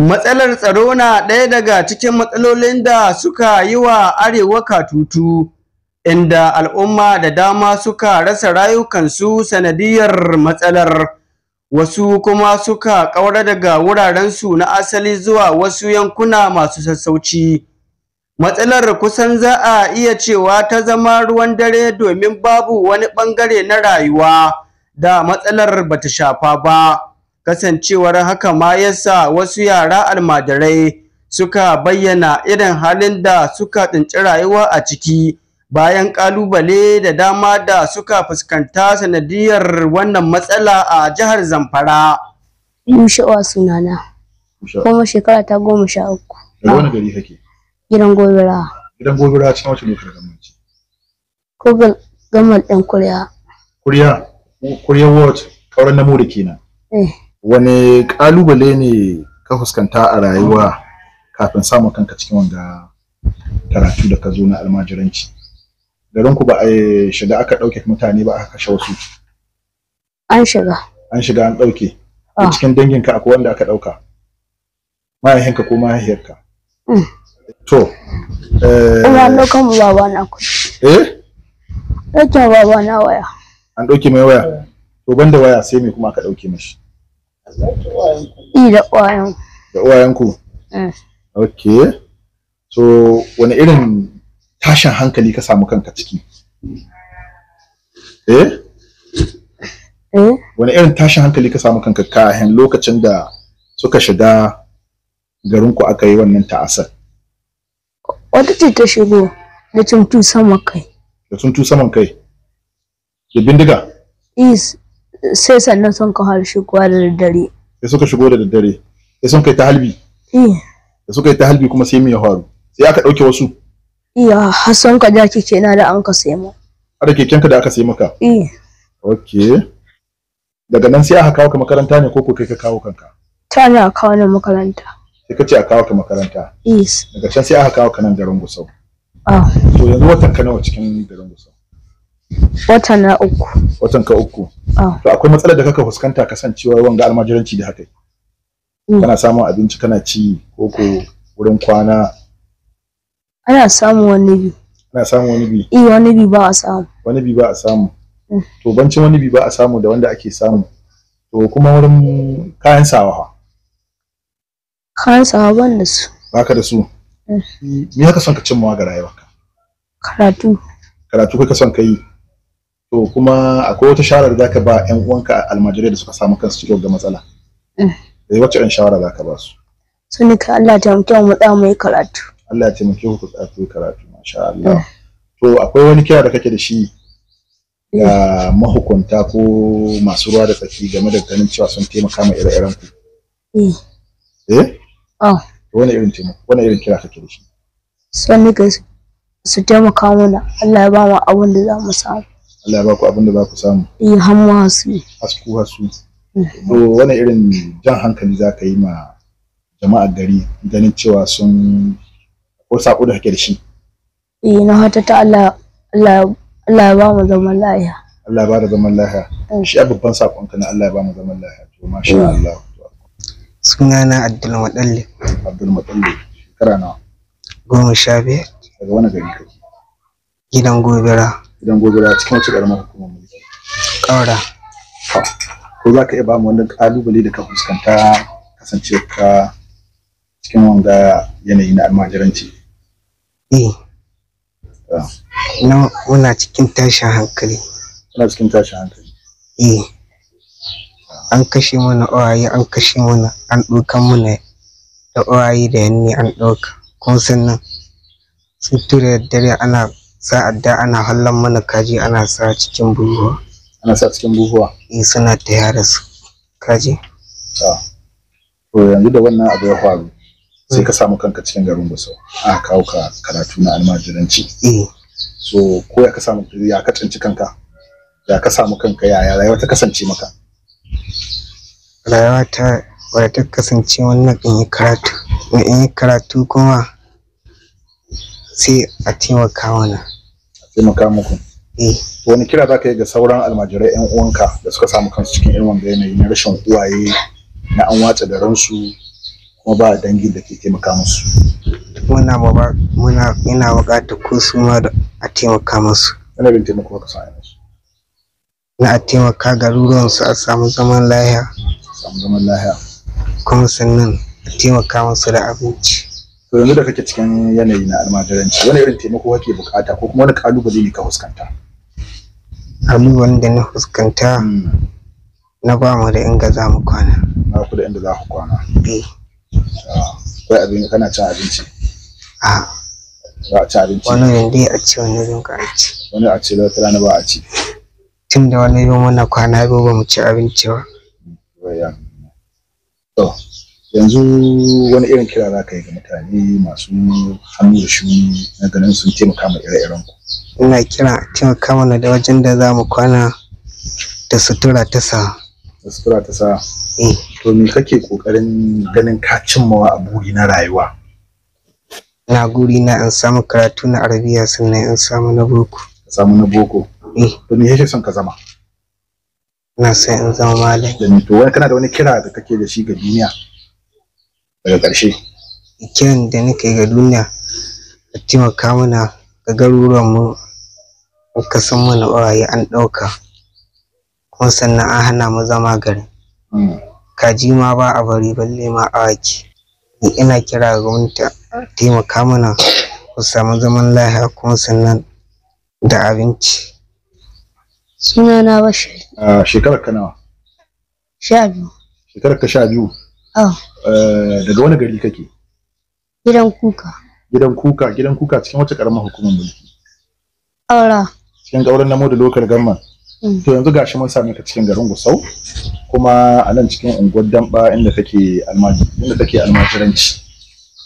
Matsalar tsaro na ɗaya daga cikin matsalolin da suka yi wa Arewa tutu, inda al'umma da dama suka rasa rayukansu sanadiyar matsalar, wasu kuma suka ƙaura daga wurarensu na asali zuwa wasu yankuna masu sassauci. Matsalar kusan za a iya cewa ta zama ruwan dare domin babu wani ɓangare na rayuwa da matsalar bata shafa ba. kasancewar haka ma yasa wasu yara almajirai suka bayyana irin halin da suka tsinci rayuwa a ciki bayan kalubale da dama da suka fuskanta sanadiyar wannan matsala a jihar zamfara mushewa sunana kuma shekara ta goma sha uku wani gari kake gidan gobira gidan gobira a cikin wacce lokacin gamanci ko gamal ɗan kuriya kuriya kuriya ward kauran namu da kenan eh wani kalubale ne ka fuskanta a rayuwa kafin samun kanka cikin wanga karatu da ka zo na almajiranci garin ku ba a shiga aka ɗauke mutane ba aka kashe wasu an shiga an shiga an ɗauke ah. a cikin danginka akwai wanda aka ɗauka mahaihinka ko mahaihiyarka mm. to eh, ina ɗaukan baba na ku eh ɗaukan baba na waya an ɗauke mai waya to banda waya sai me kuma aka ɗauke mashi da ƙwayan da ƙwayan ku eh. ok so wani irin tashin hankali ka samu kanka ciki eh, eh? wani irin tashin hankali ka samu kanka kayan lokacin da suka shiga garinku aka yi wannan ta'asar wata ce ta shigo da tuntun saman kai da tuntun saman kai da bindiga is sai sannan sun ka fara shigowa da daddare sai suka shigo da daddare sai sun kai ta halbi eh. da suka yi ta halbi kuma sai mu ya faru sai aka ɗauke wasu iya har sun ka ja keke na da an ka sai mu ada kekenka da aka sai maka eh okay daga nan sai aka kawo ka makaranta ne ko ko kai ka kawo kanka ta ne a kawo ni makaranta sai ka ce a kawo ka makaranta yes daga can sai aka kawo ka nan garin Gusau ah to yanzu watan ka nawa cikin garin Gusau wata na uku watan ka uku ah. to akwai matsalar da kaka fuskanta kasancewar wanga almajiranci da haka mm. kana samun abinci kana ci ko ko wurin kwana ana samun wani bi ana samun wani bi eh wani bi ba a samu wani bi ba a samu mm. to bancin wani bi ba a samu da wanda ake samu to kuma wurin kayan sawa kayan sawa ban da su baka da su mm. me haka son ka cimma ga rayuwarka karatu karatu kai ka son ka yi to kuma akwai wata shawara da zaka ba yan uwanka almajirai da suka samu kansu cikin wannan matsala eh, eh wace yan shawara zaka ba su sun ka Allah ya mutu mu da mu karatu Allah ya taimake ku ku karatu masha Allah eh. to akwai wani kira da kake da shi ga eh. mahukunta ko masu ruwa da tsaki game da ganin cewa sun taimaka ma ire-iren ku eh ah oh. wani irin taimako wani irin kira kake da shi sun ka su taimaka mana Allah ya ba mu abin da za mu samu Allah ya baku abin da za samu eh hamma hasu hasku hasu mm. to wani irin jan hankali za ka yi ma jama'ar gari ganin cewa sun ko sako da kake da shi eh na hata ta Allah Allah Allah ya ba mu zaman lafiya Allah ya ba da zaman lafiya mm. shi a babban sakon ka na Allah ya ba mu zaman lafiya to masha mm. Allah sunana Abdul Madalle Abdul Madalle shekara nawa goma sha biyar daga wani gari kake gidan gobira idan da cikin wacce karamar hukumar mulki ƙaura ko za ka iya ba mu wani ƙalubale da ka fuskanta kasance ka cikin wanga yanayi na almajiranci eh ah. na muna cikin tashin hankali muna cikin tashin hankali eh an kashe mana owaye an kashe mana an ɗaukan mana da owaye da yanni an ɗauka kun sannan sun tura dare ana sa'adda ana hallan mana kaji ana sa cikin buhuwa ana sa cikin buhuwa eh suna ta yara su kaji to yanzu da wannan abu ya faru sai ka samu kanka cikin garin Gusau a kawo ka karatu na almajiranci eh so ko ya ka samu ya ka tsinci kanka ya ka samu kanka ya ya rayuwa ta kasance maka rayuwa ta wadda ta kasance wannan in yi karatu in yi karatu kuma sai a taimaka mana taimaka muku mm. wani kira za ka yi ga sauran almajirai yan uwanka da suka samu kansu cikin irin wanda yanayi na rashin uwaye na an watsa da ransu kuma ba dangi da ke taimaka musu muna ba muna ina buƙatar ko su ma a taimaka musu ina bin taimako ka sa musu na a taimaka garuruwan su a samu zaman lahiya samu zaman lahiya kuma sannan a taimaka musu da abinci to yanzu da kake cikin yanayi na almajiranci wani irin taimako kake bukata ko kuma wani kalubale ne ka fuskanta kalubalen da na fuskanta hmm. na ba mu da inga za mu kwana na ku da inda za ku kwana eh kai ah, abin kana cin abinci ah. a ba ci abinci wani ne dai a ci wani zan ka ci wani a ci lokacin rana ba a ci tun da wani yau muna kwana biyu ba mu ci abinci ba to yanzu wani irin kira za ka yi ga mutane masu hannu da shuni na ganin sun taimaka ma ire-iren ku ina kira taimaka mana da wajen da za mu kwana da sutura ta sa da sutura ta sa eh. to me kake kokarin ganin ka cimmawa a buri na rayuwa na guri na in samu karatu na arabiya sannan in samu na boko samu na boko eh. to me yake son ka zama ina son in zama malami to wani kana da wani kira da kake da shi ga duniya daga ƙarshe kiran da nake ga duniya a taimaka mana ga garuruwan mu ka san mana waye an ɗauka kuma sannan an hana mu zama gari hmm. kaji ma ba a bari balle ma awaki ni ina kira ga gwamnati taimaka mana ku samu zaman lafiya kuma sannan da abinci Suna na bashi. Ah, shekarar ka nawa sha biyu shekarar ka sha biyu Oh. Eh, daga wani gari kake gidan kuka gidan kuka gidan kuka cikin wace karamar hukumar mulki aura cikin gauran namo da lokal gamma to yanzu gashi mun same ka cikin garin gusau kuma a nan cikin unguwar damba inda take inda kake almajiranci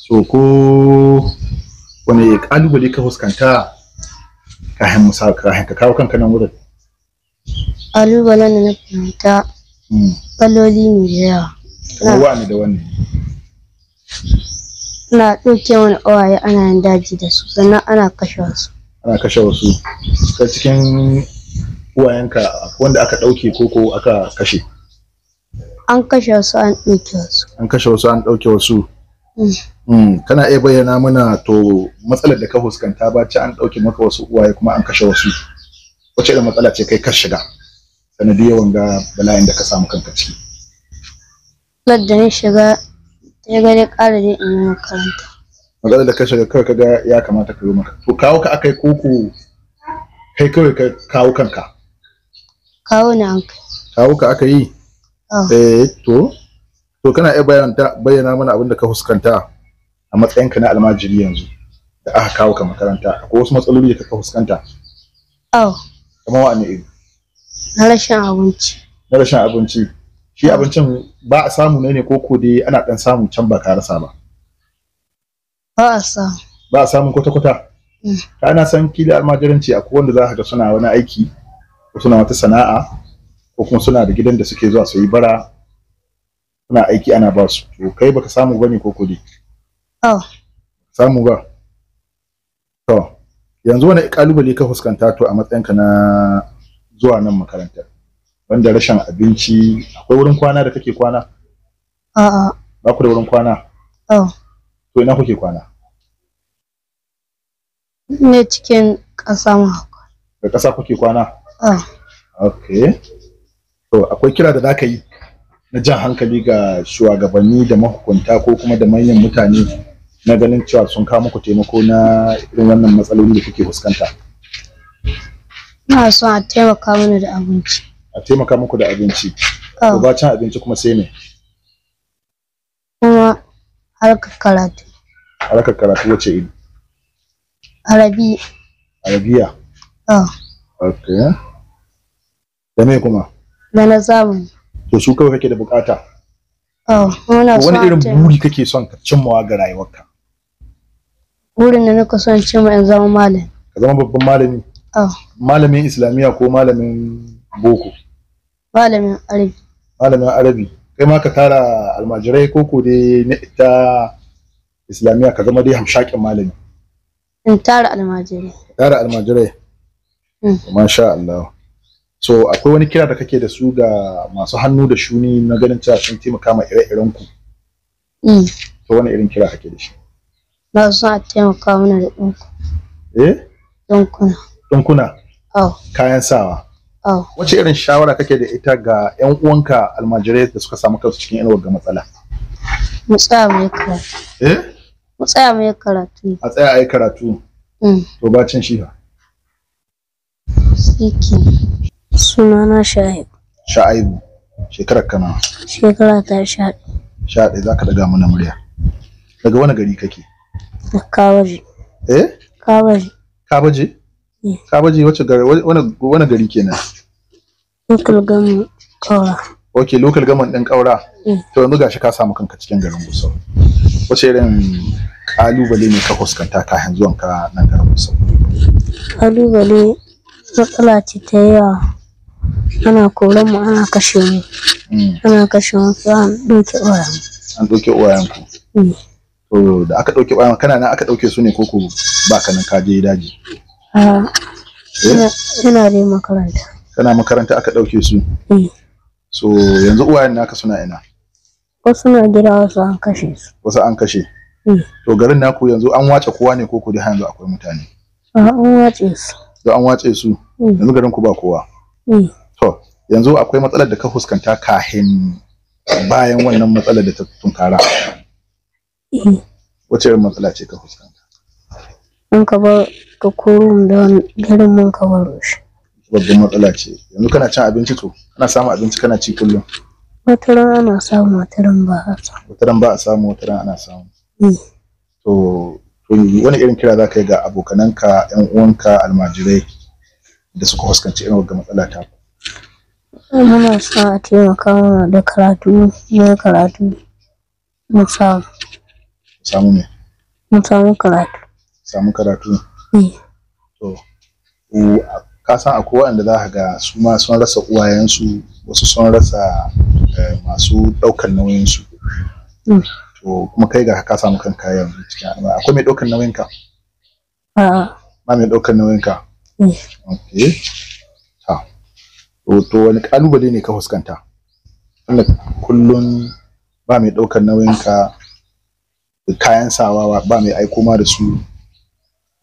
so ko wani kalubale ka fuskanta kayan musa kayan ka kawo kanka nan wurin kalubalen da na fuskanta kaloli mm. ne da yawa kamar wani da wani. ana ɗauke wani ƙawaye ana yin daji da su sannan ana kashe wasu ana kashe wasu ta cikin uwayenka wanda aka ɗauke ko ko aka kashe an kashe wasu an ɗauke wasu an kashe wasu an ɗauke wasu mm. Mm. kana iya bayyana mana to matsalar da ka fuskanta ba ci an ɗauke maka wasu uwaye kuma an kashe wasu Wacce da matsala ce kai ka shiga sanadiyar wanga bala'in da ka samu kanka ciki matsalar da ni shiga ya ga dai ƙara dai in yi makaranta matsalar da ka shiga kawai kaga ya kamata ka yi maka to kawo ka akai koko kai kawai ka kawo kanka kawo na anka kawo ka aka yi ah. eh to to kana iya bayyana bayyana mana abin da ka fuskanta a matsayinka na almajiri yanzu da aka kawo ka makaranta akwai wasu matsaloli da ka fuskanta oh kamar wa'anne iri na rashin abinci na rashin abinci shi abincin ba a samu ne ko ko dai ana dan samu can ba ka rasa ba ba a samu ba a samu kwata kwata mm. ka ana san kila almajiranci akwai wanda za ka ga suna wani aiki ko suna wata sana'a ko kuma suna da gidan da suke zuwa su yi bara suna aiki ana ba su to kai baka samu bane ko ko dai oh. samu ba to yanzu wani kalubale ka fuskanta to a matsayinka na zuwa nan makarantar wanda rashin abinci akwai wurin kwana da kake kwana a'a ba ku da wurin kwana oh to ina kuke kwana ne cikin ƙasa ma da ƙasa kuke kwana ah okay to akwai kira da zaka yi na jan hankali ga shugabanni da mahukunta ko kuma da manyan mutane na ganin cewa sun kawo muku taimako na irin wannan matsaloli da kuke fuskanta ina son a taimaka mana da abinci a taimaka muku da abinci to oh. can abinci kuma sai me kuma harkar karatu harkar karatu wace iri arabi arabiya ah okay da me kuma da na samu to su kawai kake da bukata ah wani irin buri kake son ka cimmawa ga rayuwarka burin da nake son cimma in zama malami ka zama babban malami malamin islamiyya ko malamin boko malamin arabi malamin arabi kai ma ka tara almajirai ko ko dai na ita islamiya ka zama dai hamshakin malami in tara almajirai tara almajirai hmm. masha Allah so akwai wani kira da kake da su ga masu hannu da shuni na ganin cewa sun taimaka ma ire-iren ku hmm. to wani irin kira kake da shi na so a taimaka mana da ɗinku eh ɗinkuna ɗinkuna oh. kayan sawa Oh. wace irin shawara kake da ita ga yan uwanka almajirai da suka samu kansu cikin irin ga matsala mu tsaya mu karatu eh mu tsaya mu karatu a tsaya ayi karatu mm. to bacin shi ha siki sunana shahid sha'ibu shekarar kana shekara ta sha sha za ka daga mana murya daga wani gari kake kawaji eh kawaji kawaji eh. kawaji wace gari wani gari kenan local government kaura ok local government din kaura mm. to yanzu gashi ka samu kanka cikin garin gusau wace irin kalubale ne ka fuskanta ka yanzu ka nan garin gusau kalubale matsala ce ta yawa ana koran mu ana kashe mu mm. ana kashe mu sai an doke uwayen an doke uwayen ku mm. to da aka doke uwayen kana nan aka doke su ne koko ba ka nan ka je daji ah, eh? ina da makaranta kana makaranta aka ɗauke su eh. so yanzu uwayen naka suna ina wasu na gida wasu an kashe su wasu an kashe eh. to garin naku yanzu an wace kowa ne ko ku da yanzu akwai mutane an wace su da an wace su eh. yanzu garin ku ba kowa to yanzu akwai matsalar da ka fuskanta kahin bayan wannan matsalar da ta tunkara wace irin matsala ce ka fuskanta an ka ba ka korum da garin mun ka baro shi babban matsala ce yanzu kana cin abinci to kana samun abinci kana ci kullum wataran ana samu wataran ba a samu wataran ba a samu wataran ana samu mm. to to wani irin kira za ka yi ga abokananka yan uwanka almajirai da suka fuskanci irin wannan matsala ta muna sa a taimaka mana da karatu na karatu mu samu samu ne mu samu karatu samu karatu mm. to ka san akwai waɗanda za ka ga su ma sun rasa uwayensu wasu sun rasa eh, masu ɗaukar nauyinsu mm. to kuma kai ga ka samu kanka yanzu cikin al'amari akwai mai ɗaukar nauyinka ba mai ɗaukar nauyinka mm. okay ta to wani ƙalubale ne ka fuskanta kullum ba mai ɗaukar nauyinka kayan sawa ba mai aiko ma da su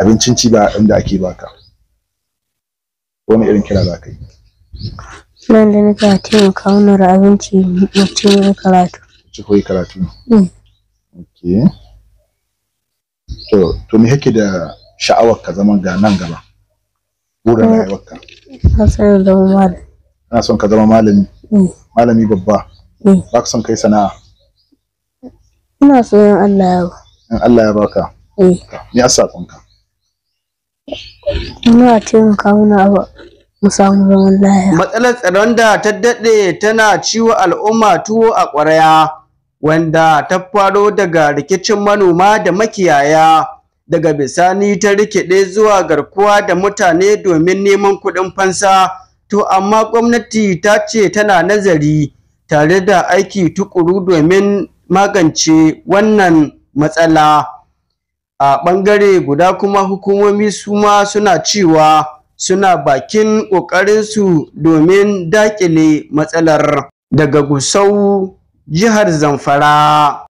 abincin ci ba inda ake baka wani irin kira za ka yi nan da na a taimaka mana da abinci mace ne karatu ci koyi karatu ne mm. ok to to me kake da sha'awar ka zaman ga nan gaba burin mm. rayuwar ka na son zama malami ana son ka zama malami mm. malami babba ba ka son kai sana'a ina so yin Allah ya ba in Allah ya baka me ya sakonka ina taimaka mana matsalar tsaron da ta daɗe tana ciwo al'umma tuwo a ƙwaraya wanda ta faro daga rikicin manoma da makiyaya daga bisani ta rikide zuwa garkuwa da mutane domin neman kuɗin fansa to amma gwamnati ta ce tana nazari tare da aiki tukuru domin magance wannan matsala a ɓangare guda kuma hukumomi suma suna cewa suna bakin ƙoƙarinsu domin daƙile matsalar daga Gusau, jihar Zamfara.